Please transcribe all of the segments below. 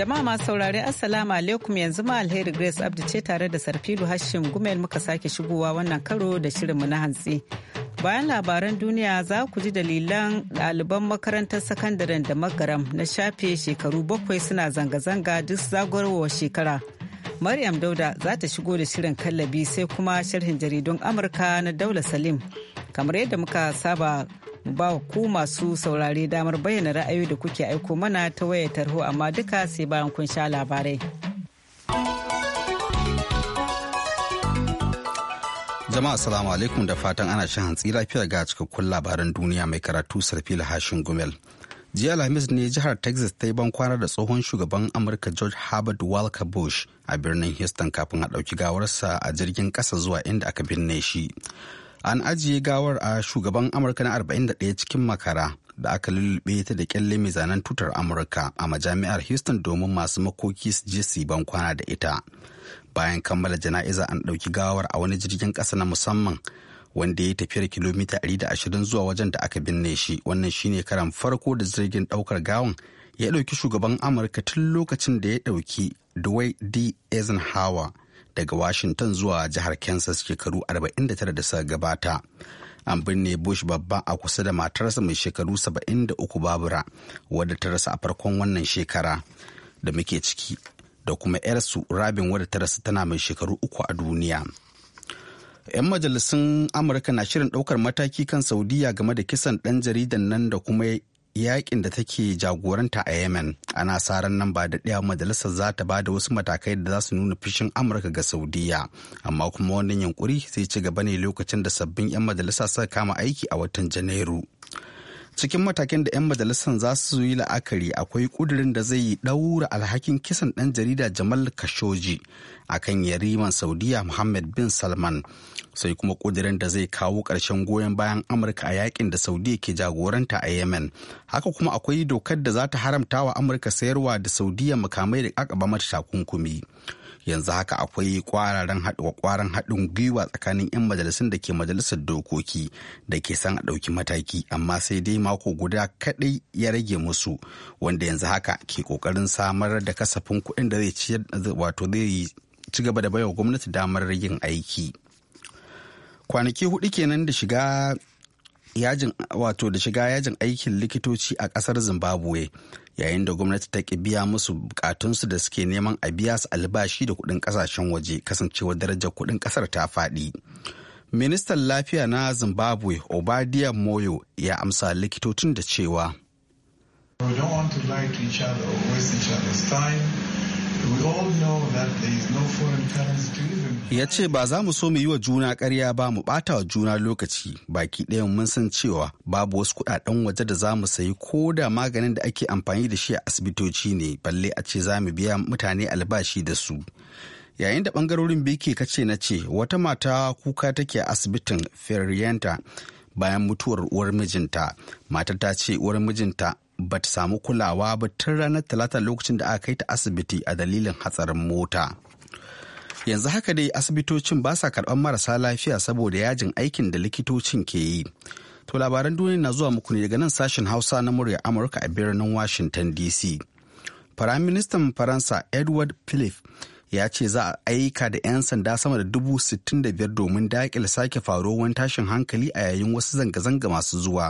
Jama'a masu saurare Assalamu alaikum yanzu ma alheri Grace Abdi ce tare da Sarfilu Hashim Gumel muka sake shigowa wannan karo da shirinmu na hantsi. Bayan labaran duniya za ku ji dalilan ɗaliban makarantar sakandaren da magaram na shafe shekaru bakwai suna zanga-zanga duk zagorowa shekara. Maryam Dauda za ta shigo da shirin kallabi sai kuma sharhin jaridun Amurka na Daula Salim. Kamar yadda muka saba ba ku masu saurare damar bayyana ra'ayoyi da kuke aiko mana ta waya tarho amma duka sai bayan kun sha labarai. Jama'a asalamu alaikum da fatan ana shan hantsi lafiya ga cikakkun labaran duniya mai karatu sarfila hashin gumel. jiya alhamis ne jihar texas ta yi ban kwana da tsohon shugaban amurka george herbert walker bush a birnin houston kafin a ɗauki gawarsa a jirgin ƙasa zuwa inda aka binne shi an ajiye gawar a shugaban amurka na 41 cikin makara da aka lulluɓe ta da kyalle mai zanen tutar amurka a majami'ar houston domin masu makoki su je su ban kwana da ita bayan kammala jana'iza an ɗauki gawar a wani jirgin ƙasa na musamman wanda ya tafiyar kilomita 120 zuwa wajen da aka binne shi wannan shine karan farko da jirgin ɗaukar gawan ya ɗauki shugaban amurka tun lokacin da ya ɗauki dwight d eisenhower daga Washington zuwa jihar Kansas shekaru 49 da suka gabata. An binne Bush babba a kusa da matarsa mai shekaru 73 Babura wadda ta rasa a farkon wannan shekara da muke ciki da kuma 'yarsu Rabin wadda ta rasa tana mai shekaru uku a duniya. 'yan majalisun amurka na shirin ɗaukar mataki kan saudiya game da kisan ɗan jaridan nan da kuma yakin da take jagoranta a yemen ana sa ran nan ba daɗaya majalisar za ta ba da wasu matakai da za su nuna fushin amurka ga saudiya amma kuma wannan yankuri sai ci gaba ne lokacin da sabbin 'yan majalisa suka kama aiki a watan janairu cikin matakin da 'yan majalisar za su yi la'akari akwai kudirin da zai ɗaura alhakin kisan ɗan jarida jamal khashoggi akan yariman saudiya muhammad bin salman sai kuma kudirin da zai kawo ƙarshen goyon bayan amurka a yakin da saudi ke jagoranta a yemen haka kuma akwai dokar da za ta haramta wa amurka sayarwa da saudiya makamai da aka mata takunkumi yanzu haka akwai kwararen kwaran haɗin gwiwa tsakanin 'yan majalisun da ke majalisar dokoki da ke san a ɗauki mataki amma sai dai mako guda kaɗai ya rage musu wanda yanzu haka ke ƙoƙarin samar da kasafin kuɗin da zai ci gaba da baiwa gwamnati damar yin aiki. kwanaki hudu kenan da shiga yajin wato da shiga yajin aikin likitoci a kasar zimbabwe yayin da gwamnati ta ki biya musu bukatunsu da suke neman a biya su albashi da kudin kasashen waje kasancewar darajar kudin kasar ta faɗi ministan lafiya na zimbabwe obadiya moyo ya amsa likitocin da cewa ya ce ba za mu so mu yi wa juna karya ba mu ɓata wa juna lokaci baki ɗaya mun san cewa babu wasu kuɗaɗen waje da za mu sayi ko da maganin da ake amfani da shi a asibitoci ne balle a ce za mu biya mutane albashi da su yayin da ɓangarorin biyu ke kace na ce wata mata kuka take a asibitin ferrienta bayan mutuwar uwar mijinta matar ta ce uwar mijinta ba ta samu kulawa ba tun ranar talata lokacin da aka kai ta asibiti a dalilin hatsarin mota yanzu haka dai asibitocin ba sa karɓar marasa lafiya saboda yajin aikin da likitocin ke yi to labaran duniya na zuwa muku ne daga nan sashen hausa na murya amurka a birnin washington dc firaministan faransa edward philip ya ce za a aika da 'yan sanda sama da dubu sittin da biyar domin daƙil sake faruwar tashin hankali a yayin wasu zanga-zanga masu zuwa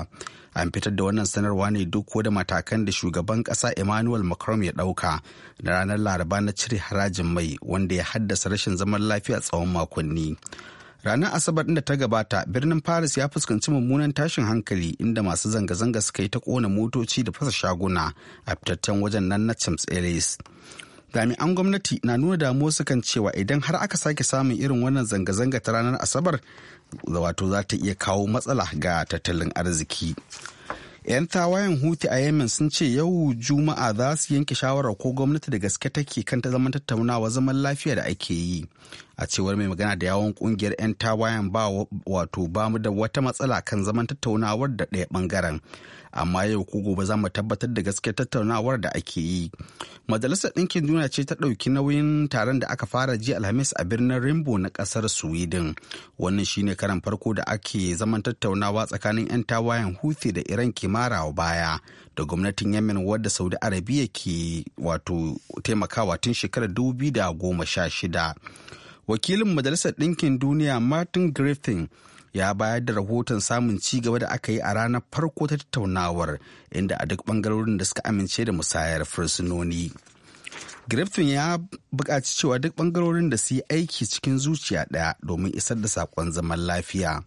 an fitar da wannan sanarwa ne duk da matakan da shugaban kasa emmanuel macron ya dauka na ranar laraba na cire harajin mai wanda ya haddasa rashin zaman lafiya tsawon makonni ranar asabar da ta gabata birnin paris ya fuskanci mummunan tashin hankali inda masu zanga-zanga suka yi ta kona motoci da fasa shaguna a fitattun wajen nan na champs elysees jami'an gwamnati na nuna damuwa su kan cewa idan har aka sake samun irin wannan zanga-zanga ta ranar asabar wato za ta iya kawo matsala ga tattalin arziki 'yan tawayen huti a yemen sun ce yau juma'a za su yanke shawarar ko gwamnati da gaske take kan ta zaman tattaunawa zaman lafiya da ake yi a cewar mai magana da yawon kungiyar 'yan tawayen ba wato ba mu da wata matsala kan zaman tattaunawar da ɗaya bangaren amma yau ko gobe za mu tabbatar da gaske tattaunawar da ake yi majalisar ɗinkin duniya ce ta ɗauki nauyin taron da aka fara ji alhamis a birnin rimbo na ƙasar sweden wannan shine karan farko da ake zaman tattaunawa tsakanin 'yan tawayen huthi da iran kimara baya da gwamnatin yemen wadda saudi arabia ke wato taimakawa tun shekarar 2016 wakilin majalisar ɗinkin duniya martin griffin ya bayar da rahoton samun ci gaba da aka yi a ranar farko ta tattaunawar inda a duk bangarorin da suka amince da musayar fursunoni griffin ya buƙaci cewa duk ɓangarorin da su yi aiki cikin zuciya ɗaya domin isar da saƙon zaman lafiya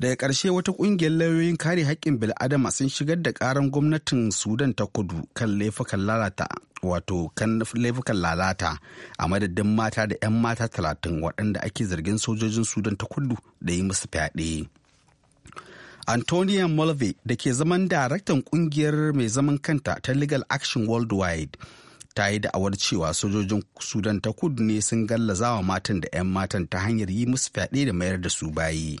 daga ƙarshe wata ƙungiyar lauyoyin kare haƙƙin bil'adama sun shigar da ƙaran gwamnatin sudan ta kudu kan laifukan lalata wato kan laifukan lalata a madadin mata da 'yan mata talatin waɗanda ake zargin sojojin sudan ta kudu da yi musu fyaɗe. Antonia Mulvey da ke zaman daraktan ƙungiyar mai zaman kanta ta Legal Action Worldwide ta yi da'awar cewa sojojin Sudan ta kudu ne sun gallazawa matan da 'yan matan ta hanyar yi musu fyaɗe da mayar da su bayi.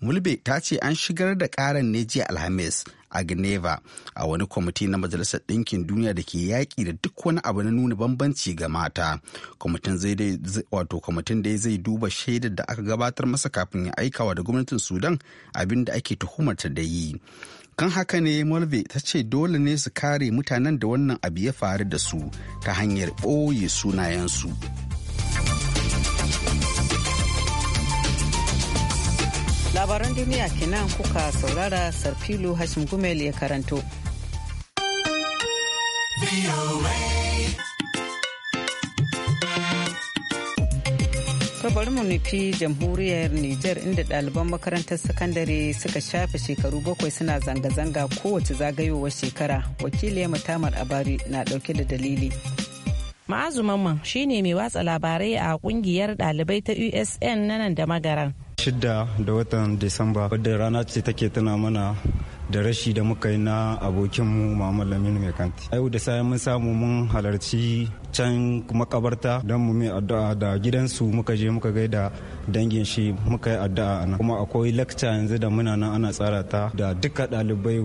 mulbe ta ce an shigar da karan ne jiya alhamis a geneva a wani kwamiti na majalisar ɗinkin duniya da ke yaƙi da duk wani abu na nuna bambanci ga mata kwamitin wato kwamitin da zai duba shaidar da aka gabatar masa kafin ya aikawa da gwamnatin sudan abin da ake tuhumarta da yi kan haka ne mulbe ta ce dole ne su kare mutanen da wannan abu ya faru da su ta hanyar ɓoye sunayensu. labaran duniya kenan kuka saurara sarfilu hashim gumel ya karanto kabarin mu nufi jamhuriyar niger inda ɗaliban makarantar sakandare suka shafe shekaru bakwai suna zanga-zanga kowace zagayowar shekara wakili ya matamar abari na ɗauke da dalili. ma'azuman shine mai watsa labarai a kungiyar dalibai ta usn na nan da magaran shidda da watan disamba wadda rana ce take tana mana da rashi da muka yi na abokinmu Muhammad Laminu mai kanti. Yau da sai mun samu mun halarci can makabarta don mu mai addu'a da gidansu muka je muka gaida dangin shi muka yi addu'a nan. Kuma akwai lakca yanzu da muna nan ana tsara ta da duka ɗalibai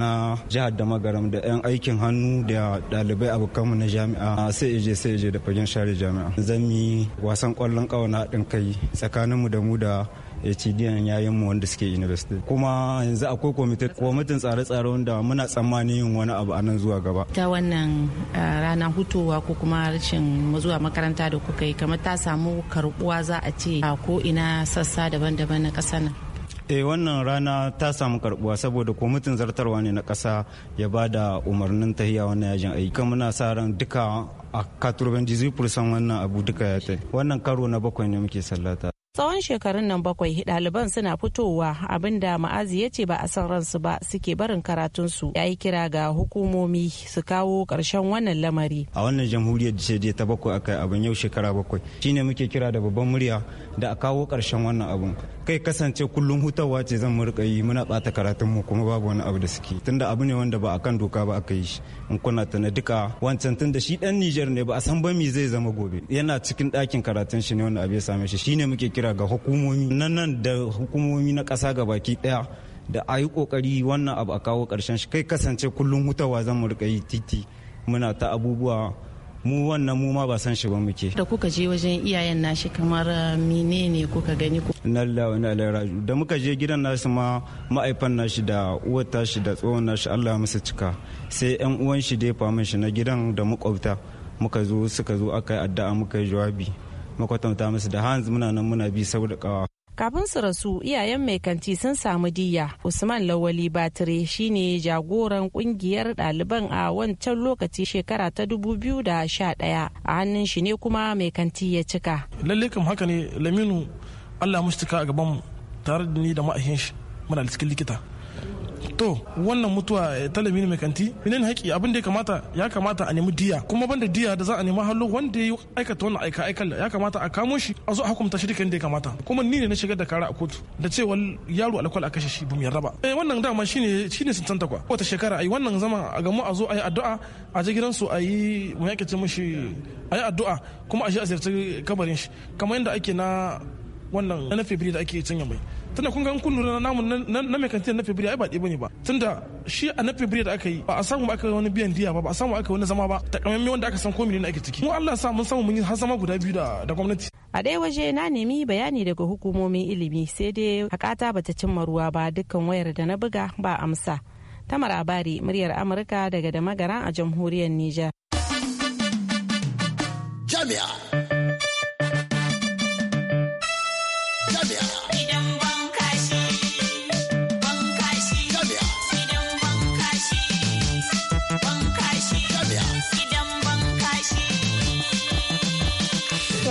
na jihar da magaram da 'yan aikin hannu da ɗalibai abokanmu na jami'a sai je sai je da fagen share jami'a. Zan yi wasan ƙwallon ƙawa na haɗin kai tsakaninmu da mu da Eh, diyan yayin mu wanda suke university kuma yanzu akwai kwamitin tsare-tsare wanda muna tsammanin yin wani abu a nan zuwa gaba ta wannan ah, rana hutowa ko kuma rashin zuwa makaranta da kuka yi kamar ta samu karbuwa za a ce a ko ina sassa daban-daban na ƙasa nan e wannan rana ta samu karbuwa saboda kwamitin zartarwa ne na ƙasa ya ba da umarnin tahiya wannan yajin aiki muna sa ran duka a jizi wannan abu duka ya tai wannan karo na bakwai ne muke sallata tsawon shekarun nan bakwai ɗaliban suna fitowa abinda ma'azi ya ce ba a san ransu ba suke barin karatunsu ya yi kira ga hukumomi su kawo karshen wannan lamari a wannan jamhuriyar da je ta bakwai akai abin yau shekara bakwai shine muke kira da babban murya da a kawo karshen wannan abin kai kasance kullum hutawa ce zan mu yi muna bata karatun mu kuma babu wani abu da suke tunda abu ne wanda ba a kan doka ba aka yi shi in kuna tana duka wancan tunda shi dan nijar ne ba a san ba mi zai zama gobe yana cikin ɗakin karatun shi ne wanda abu ya same shi shine muke kira ga hukumomi nan nan da hukumomi na ƙasa baki ɗaya da a yi kokari wannan abu a kawo ƙarshen shi kai kasance kullum hutawa zan mu yi titi muna ta abubuwa mu wannan mu ma ba san shi ba muke da kuka je wajen iyayen nashi kamar eh, menene kuka gani ku inna wa da muka je gidan nashi ma ma'aifan nashi da uwar tashi da tsohon nashi Allah musu cika sai yan uwan shi dai famin shi na gidan da makwabta muka zo suka zo aka yi addu'a muka yi jawabi makwatanta musu da hanzu muna nan muna bi saboda kawa kafin su rasu iyayen mai kanti sun samu diya usman lawali batire shine jagoran kungiyar ɗaliban a wancan lokaci shekara ta 2011 a hannun shi ne kuma mai kanti ya cika lalle kam haka ne laminu allah mustika a gaban tare da ni da ma'ahin shi muna cikin likita to wannan mutuwa eh, talabini mai kanti menene haƙi abin da ya kamata ya kamata a nemi diya kuma banda diya da za a nemi hallo wanda ya aikata wannan aika aikan ya kamata a kamo shi a zo a hukunta shi dukan da ya kamata kuma ni ne na shigar da kara a kotu da cewa yaro alkwal a kashe shi bu yarda raba eh wannan dama shine shine sun tantakwa kwa wata shekara ai wannan zama a gamu a zo a yi addu'a a je gidansu a yi mu yake ce mishi a yi addu'a kuma a shi a ziyarci kabarin shi kamar yadda ake na wannan na febri da ake canya mai tunda kun ga kun lura namu na mai kantin na february ai ba ɗaya ne ba tunda shi a na february da aka yi ba a samu aka yi wani biyan diya ba ba a samu aka yi wani zama ba takamaimai wanda aka san ko ne ake ciki mu Allah sa mun samu mun yi har zama guda biyu da gwamnati a ɗaya waje na nemi bayani daga hukumomin ilimi sai dai hakata bata cimma ruwa ba dukkan wayar da na buga ba amsa tamar abari muryar amurka daga da magara a jamhuriyar niger jami'a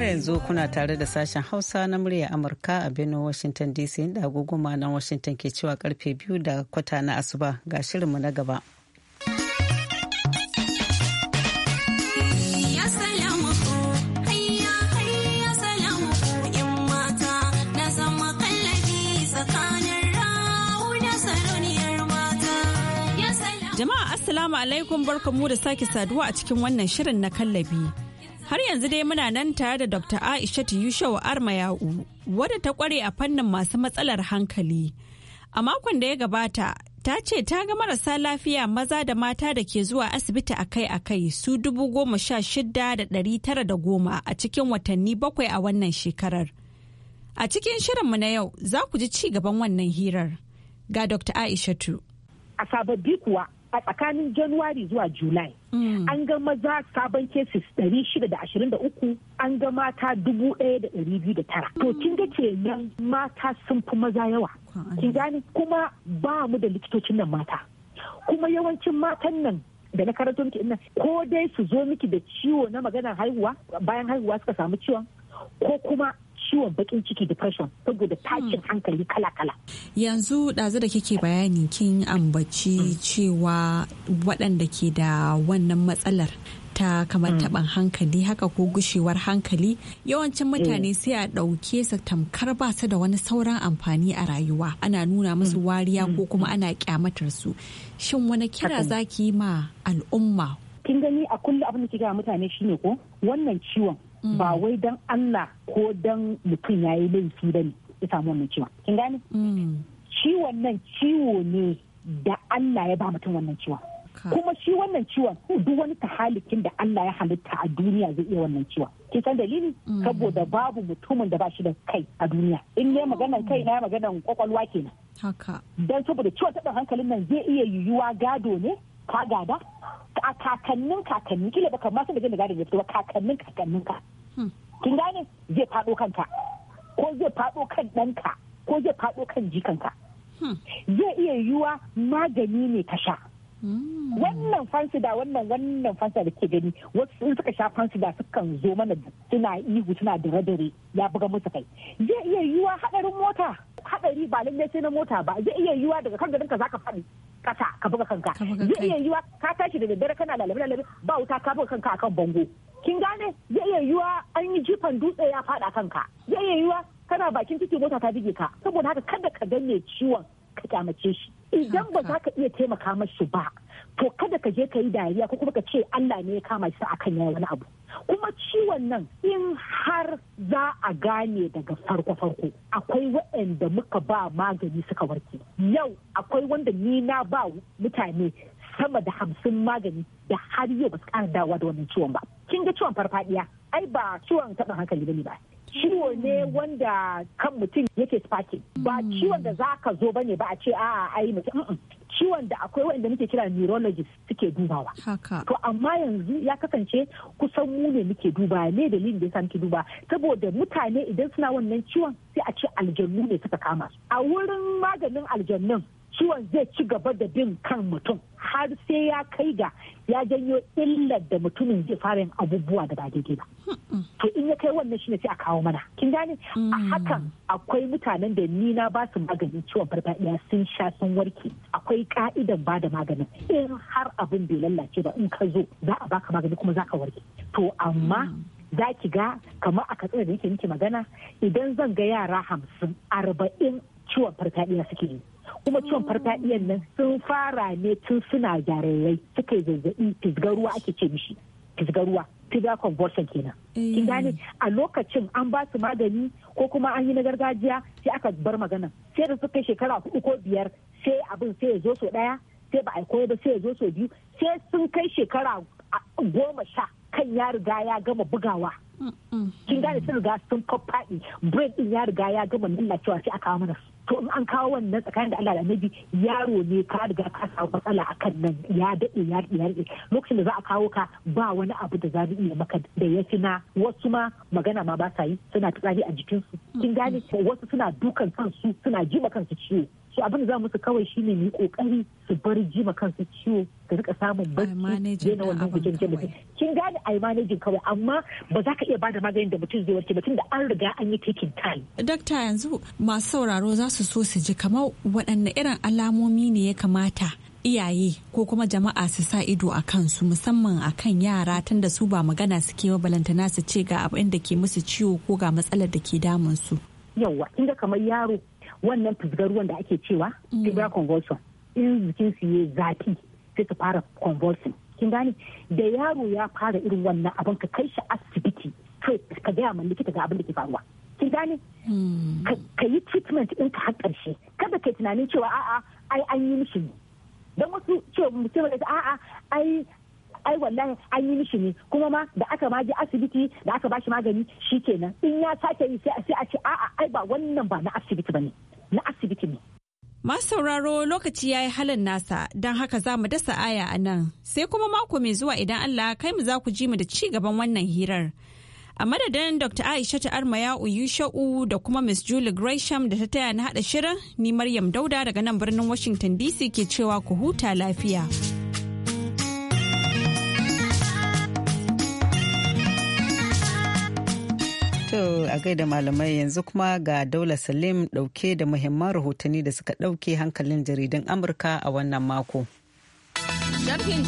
har yanzu kuna tare da sashen Hausa na murya Amurka a birnin Washington DC inda goma na Washington ke cewa karfe biyu da kwata na asuba ga shirinmu na gaba. Jama'a Assalamu alaikum barkamu da sake saduwa a cikin wannan shirin na kallabi. Har yanzu dai muna nan tare da Dr. Aisha Yushau Armayau wadda ta kware a fannin masu matsalar hankali. A makon da ya gabata, ta ce ta ga marasa lafiya maza da mata da ke zuwa asibiti akai-akai su dubu goma sha shida da ɗari tara da goma a cikin watanni bakwai a wannan shekarar. A cikin shirinmu na yau za ku ji ci gaban wannan hirar. Ga Dr. Aishatu. A sababbi kuwa a tsakanin januwari zuwa julai mm. an ga maza sabon cases 623 an ga mata 1209 to kin ga nan mata sun fi maza yawa kin gani kuma ba mu da likitocin nan mata kuma yawancin matan nan da na karatu miki ina ko dai su zo miki da ciwo na maganar haihuwa bayan haihuwa suka samu ciwon ko kuma ciwon bakin ciki depression saboda hmm. tashin hankali kala-kala. Yanzu ɗazu da kike bayani kin ambaci hmm. cewa waɗanda ke da wannan matsalar ta kamar hmm. taɓan hankali haka ko gushewar hankali yawancin eh. mutane sai a ɗauke su tamkar ba su da wani sauran amfani a rayuwa ana nuna musu wariya ko kuma ana kyamatar su shin wani kira zaki yi ma al'umma kin gani a kullum abin da kika mutane shine ko wannan ciwon Mm. ba wai don Allah ko don mutum ya yi laifi ba ne ya samu wannan ciwon kin gane ciwon mm. nan ciwo ne da Allah ya ba mutum wannan ciwon kuma shi wannan ciwon duk wani tahalikin da Allah ya halitta a duniya zai iya wannan ciwon kin san dalili mm. saboda babu mutumin da ba shi da kai a duniya in ne maganan kai na maganan kwakwalwa kenan haka dan saboda ciwon taɓin hankalin nan zai iya yiwuwa gado ne ka gada a kakannin kakanni kila baka ma san da zai ya ba kakannin kakannin ka hmm. kin gane zai fado kanka ko zai fado kan ɗanka ko zai fado kan jikanka hmm. zai iya yiwuwa magani ne ka sha Hmm. wannan fansida wannan wannan fansida da ke gani wasu in suka sha fansida sukan zo mana suna ihu suna dare dare ya buga musu kai zai iya yiwuwa hadarin mota hadari ba lalle sai na mota ba zai iya yiwuwa daga kan garinka zaka faɗi kasa ka buga kanka zai iya yiwuwa ka tashi da daddare kana lalabe lalabe ba wuta ka buga kanka akan bango kin gane zai iya yiwuwa an yi jifan dutse ya fada kanka zai iya yiwuwa kana bakin titi mota ta bige ka saboda haka kada ka danne ciwon ka kyamace shi idan ba za ka iya taimaka masu ba to kada ka je ka yi dariya ko kuma ka ce Allah ne ya kama shi akan yayi wani abu kuma ciwon nan in har za a gane daga farko farko akwai waɗanda muka ba magani suka warke yau akwai wanda ni na ba mutane sama da hamsin magani da har yau ba su ƙara dawa da wannan ciwon ba kin ga ciwon farfadiya ai ba ciwon taɓin hankali ne ba ciwo ne hmm. wanda kan mutum yake spaki ba hmm. ciwon da za ka zo bane ba a ce a ai mutum ciwon da akwai wanda muke kira neurologist suke dubawa. To amma yanzu ya kasance kusan mu ne muke duba ne da yasa muke duba saboda mutane idan suna wannan ciwon sai a ce aljannu ne suka kama su. A wurin maganin aljannun ciwon zai ci gaba da bin kan mutum har sai ya kai ga ya janyo illar da mutumin zai fara yin abubuwa da ba daidai ba. Hmm. To sai eh, wannan shine sai a kawo mana kin gane a mm. hakan akwai mutanen da ni na ba su maganin ciwon farfadiya sun sha sun warke akwai ka'idan ba da maganin in har abin bai lallace ba in ka zo za a baka magani kuma za ka warke to amma mm. za ki ga kamar a katsina da yake miki magana idan zan ga yara hamsin arba'in ciwon farfadiya suke yi kuma ciwon mm. farfadiyan nan sun fara ne tun suna jarirai suka yi zazzabi fisgar ruwa ake ce mishi fisgaruwa ruwa tiga convulsion kenan kin eh. gane a lokacin an ba su magani ko kuma an yi na gargajiya sai aka bar magana sai da suka shekara hudu ko biyar sai abin sai ya zo so daya sai ba a koyi ba sai ya zo so biyu sai sun kai shekara goma sha kan ya riga ya gama bugawa mm, mm. kin gane sun riga sun faffaɗi brain din ya riga ya gama nuna cewa sai aka mana su to in an kawo wannan tsakanin da Allah da annabi yaro ne ka riga ka samu matsala akan nan ya daɗe ya dade ya dade lokacin da za a kawo ka ba wani abu da za iya maka da ya fi na wasu ma magana ma ba sa yi suna tsari a jikinsu kin gane mm. wasu suna dukan kansu suna jima kansu ciwo shi abin da za musu kawai shi ne mu kokari su bar ji ma kansu ciwo su rika samun bacci na wannan ke da kin gane ai manejin kawai amma ba za ka iya bada maganin da mutum zai warke mutum da an riga an yi taking time dakta yanzu masu sauraro za su so su ji kamar waɗanne irin alamomi ne ya kamata iyaye ko kuma jama'a su sa ido a kansu musamman a kan yara tun da su ba magana suke wa balantana su ce ga abin da ke musu ciwo ko ga matsalar da ke damun su yawa inda kamar yaro wannan fusgar ruwan da ake cewa mm. fibra convulsion in jikinsu ya zafi sai su fara convulsion kin gane da yaro ya fara irin wannan abin ka kai shi asibiti kai ka gaya ma likita ga abin da ke faruwa kin gane mm. ka yi treatment din ka har karshe kada kai tunanin cewa a'a ai an yi mishi ne dan wasu cewa mutum a'a ai ai wallahi an yi mishi ne kuma ma da aka ma je asibiti da aka bashi magani shikenan in ya sake yi sai a ce a'a ai ba wannan ba na asibiti bane na asibiti Masu sauraro lokaci ya yi halin nasa don haka za mu dasa aya a nan sai kuma mako mai zuwa idan Allah kai mu za ku ji mu da ci gaban wannan hirar. A madadin Dr. Aisha Armaya sha'u da kuma Miss Julie Gresham da ta taya na haɗa shirin ni Maryam Dauda daga nan birnin Washington DC ke cewa ku huta lafiya. To a gaida malamai yanzu kuma ga Daula Salim dauke da muhimman rahotanni da suka dauke hankalin jaridun Amurka a wannan mako. Sharhin Cikin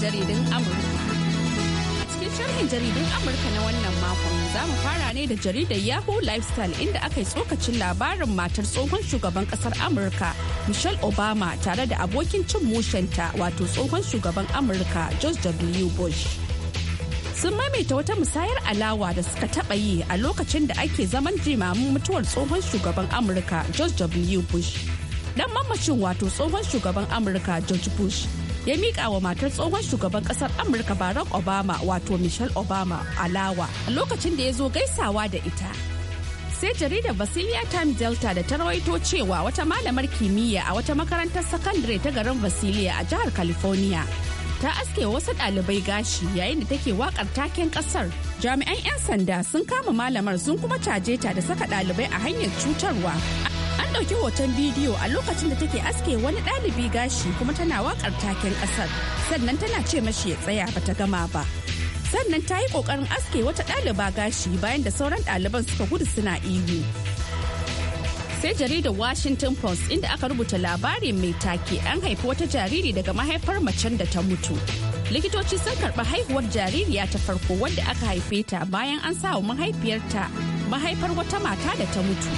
sharhin jaridun Amurka na wannan makon za mu fara ne da jaridar Yahoo Lifestyle inda aka yi tsokacin labarin matar tsohon shugaban kasar Amurka Michelle Obama tare da abokin cin mushenta wato tsohon shugaban Amurka George W. Bush. sun maimaita wata musayar alawa da suka taɓa yi a lokacin da ake zaman jimamin mutuwar tsohon shugaban amurka george w bush dan mamacin wato tsohon shugaban amurka george bush ya miƙa wa matar tsohon shugaban ƙasar amurka barack obama wato michelle obama alawa a lokacin da ya zo gaisawa da ita sai jaridar Basilia Time Delta da ta rawaito cewa wata malamar kimiyya a wata makarantar sakandare ta garin Basilia a jihar California ta aske wasu ɗalibai gashi yayin da take wakar taken ƙasar. Jami'an 'yan sanda sun kama malamar sun kuma caje ta da saka ɗalibai a hanyar cutarwa. An ɗauki hoton bidiyo a lokacin da take aske wani ɗalibi gashi kuma tana wakar taken ƙasar sannan tana ce mashi ya tsaya ba ta gama ba. Sannan ta yi ƙoƙarin aske wata ɗaliba gashi bayan da sauran ɗaliban suka gudu suna ihu. sai jaridar washington post inda aka rubuta labari mai take an haifi wata jariri daga mahaifar macen da ta mutu likitoci sun karɓi haihuwar jaririya ta farko wadda aka haife ta bayan an sa wa mahaifiyarta mahaifar wata mata da ta mutu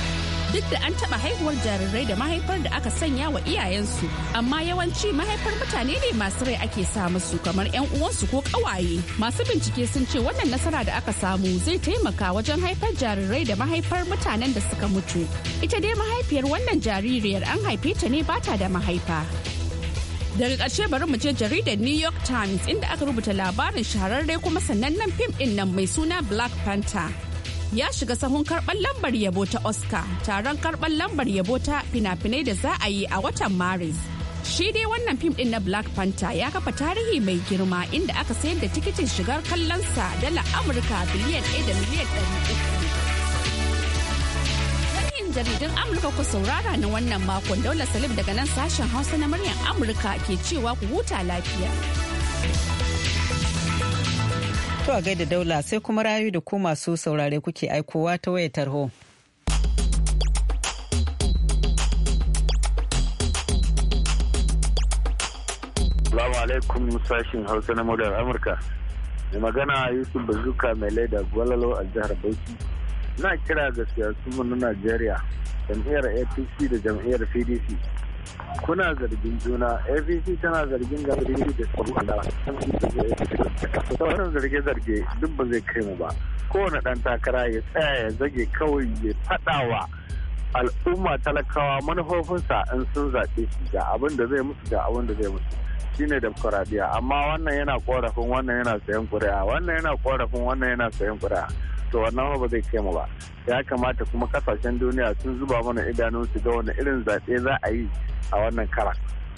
duk da an taɓa haihuwar jarirai da mahaifar da aka sanya wa iyayensu amma yawanci mahaifar mutane ne masu rai ake sa musu kamar 'yan uwansu ko kawaye masu bincike sun ce wannan nasara da aka samu zai taimaka wajen haifar jarirai da mahaifar mutanen da suka mutu ita dai mahaifiyar wannan jaririyar an haife ta ne bata da mahaifa daga ƙarshe bari mu je jaridar new york times inda aka rubuta labarin shahararre kuma sanannen fim ɗin nan mai suna black panther ya shiga sahun karɓar lambar yabo ta Oscar taron karɓar lambar yabo ta fina-finai da za a yi a watan Maris. Shi dai wannan fim din na Black Panther ya kafa tarihi mai girma inda aka sayar da tikitin shigar kallonsa dala Amurka biliyan 1 da miliyan 300. jaridun Amurka ku saurara na wannan makon daular Salim daga nan sashen Hausa na muryar Amurka ke cewa ku huta lafiya. To a gaida daula sai kuma rayu da ku masu saurare kuke aikowa ta wayar tarho. Salamu alaikum sashin Hausa na modar Amurka. Mai magana Yusuf Bazuka mai laida gwalalo a jihar Bauchi. Na kira ga siyasu na Najeriya, jam'iyyar APC da jam'iyyar pdc. kuna zargin juna apc tana zargin gabriel da su da wani zarge-zarge duk ba zai kai mu ba kowane ɗan takara ya tsaya ya zage kawai ya fadawa al'umma talakawa manufofinsa in sun zaɓe shi ga abin da zai musu da abin da zai musu shine demokuraɗiyya amma wannan yana korafin wannan yana sayan kuri'a wannan yana korafin wannan yana sayan kuri'a to wannan ba zai kai mu ba ya kamata kuma kasashen duniya sun zuba mana idanun su ga wani irin zaɓe za a yi a wannan kara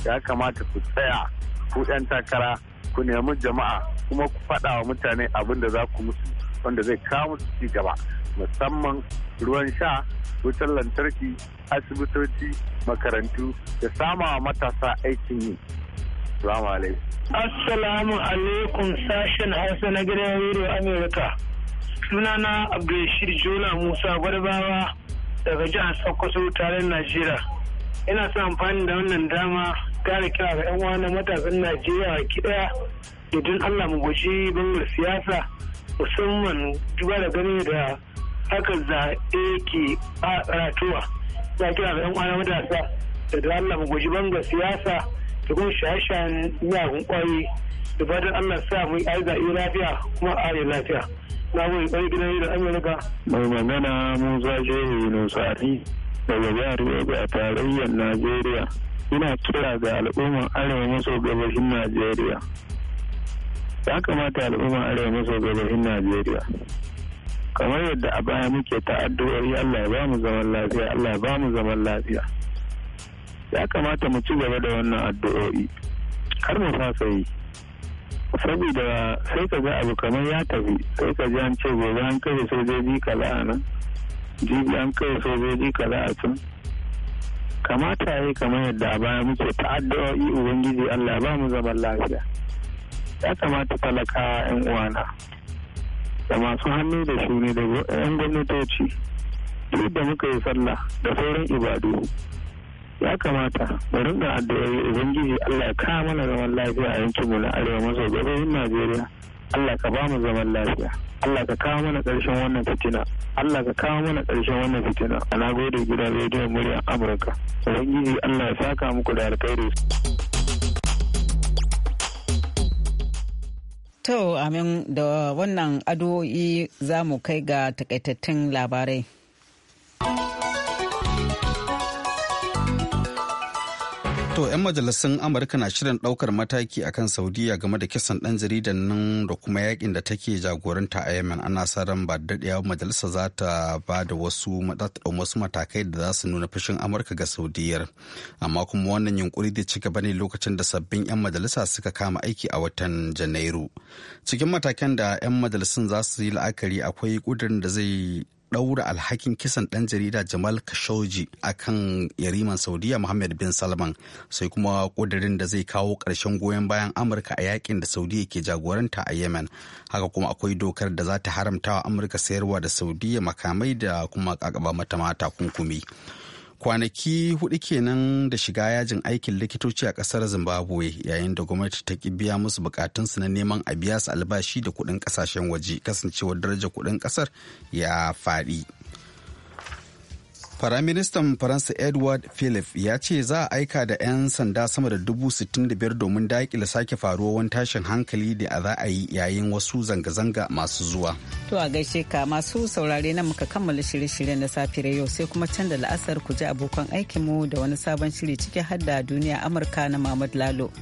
ya kamata ku tsaya ku 'yan takara ku nemi jama'a kuma ku faɗa wa mutane abin da za ku musu wanda zai kawo musu ci gaba musamman ruwan sha wutar lantarki asibitoci makarantu da samawa matasa aikin yi Assalamu alaikum. sashen Hausa na gidan Radio Amerika. sunana abdulrashid jola musa gwarbawa daga jihar sokoto taron najeriya ina son amfani da wannan dama kare kira ga yan uwana matasan najeriya kiɗa da idan allah mu guji bangar siyasa musamman duba da gani da haka zaɓe ke ratuwa ya kira ga yan uwana matasa da allah mu guji bangar siyasa da kuma shaye-shayen miyagun kwayoyi da fatan allah sa mu yi aiza lafiya kuma a lafiya na wai ɗan gidan da amurka mai magana musa shehu nusari daga jihar yobe a tarayyar najeriya ina kira ga al'ummar arewa maso gabashin najeriya ya kamata al'ummar arewa maso gabashin najeriya kamar yadda a baya muke ta'addu'o'i allah ba mu zaman lafiya allah ya ba mu zaman lafiya ya kamata mu ci gaba da wannan addu'o'i har mu fasa yi saboda sai ka ga abu kamar ya tafi sai ka ji an ce gobe an kai sojoji kaza a nan jibi an kai sojoji kaza a can kamata ya yi kamar yadda a baya muke ta'addu'o'i ubangiji allah ba mu zaman lafiya ya kamata talakawa yan uwana da masu hannu da shuni da yan gwamnatoci duk da muka yi sallah da sauran ibadu ya kamata mu da addu'o'i ubangiji Allah ya kawo mana zaman lafiya a yankin mu na arewa maso gabashin Najeriya Allah ka ba mu zaman lafiya Allah ka kawo mana ƙarshen wannan fitina Allah ka kawo mana ƙarshen wannan fitina a nagode gidan rediyon muryar Amurka ubangiji Allah ya saka muku da alkhairi To amin da wannan addu'o'i za mu kai ga takaitattun labarai. To 'yan majalisun Amurka na shirin ɗaukar mataki a kan Saudiya game da kisan ɗan jaridan nan da kuma yakin da take jagoranta a Yemen ana sa ran ba daɗewa majalisa za ta ba da wasu matakai da za su nuna fushin Amurka ga Saudiyar. Amma kuma wannan yunkuri zai ci gaba ne lokacin da sabbin 'yan majalisa suka kama aiki a watan Janairu. Cikin matakan da 'yan majalisun za su yi la'akari akwai ƙudurin da zai ɗaura alhakin kisan ɗan jarida Jamal Khashoggi kan yariman Saudiya Muhammad bin Salman sai kuma ƙudurin da zai kawo ƙarshen goyon bayan Amurka a yakin da Saudiya ke jagoranta a Yemen. Haka kuma akwai dokar da za ta haramta wa Amurka sayarwa da Saudiya makamai da kuma ƙaƙaba mata mata kunkumi. kwanaki hudu kenan da shiga yajin aikin likitoci a kasar zimbabwe yayin da gwamnati ta ki biya musu bukatunsu na neman a biya su albashi da kudin kasashen waje kasancewar darajar kudin kasar ya faɗi. Firaministan Faransa Edward Philip ya ce za a aika da 'yan sanda sama da dubu biyar domin daƙile sake faruwa tashin hankali da a za a yi yayin wasu zanga-zanga masu zuwa. To a gaishe ka masu saurare na muka kammala shirye-shiryen na safiyar yau sai kuma can da la'asar ku ji abokan aikinmu da wani sabon shiri ciki har da duniya Amurka na Mahmud Lalo.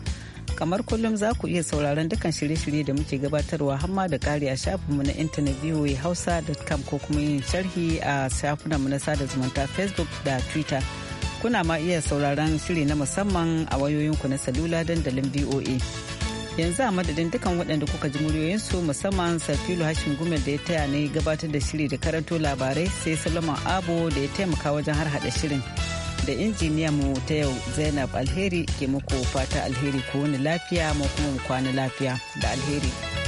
kamar kullum za ku iya sauraron dukkan shirye-shirye da muke gabatarwa hamma da kari a shafinmu na intanet voa hausa.com ko kuma yin sharhi a shafinanmu na sada zumunta facebook da twitter kuna ma iya sauraron shiri na musamman a wayoyinku na salula dandalin voa yanzu a madadin dukkan waɗanda kuka ji muryoyinsu musamman safilu hashin gumel da ya taya ne gabatar da shiri da karanto labarai sai solomon abu da ya taimaka wajen har hada shirin da injiniya mu ta yau Zainab Alheri ke muku fata alheri ko wani lafiya mu kuma kwana lafiya da alheri.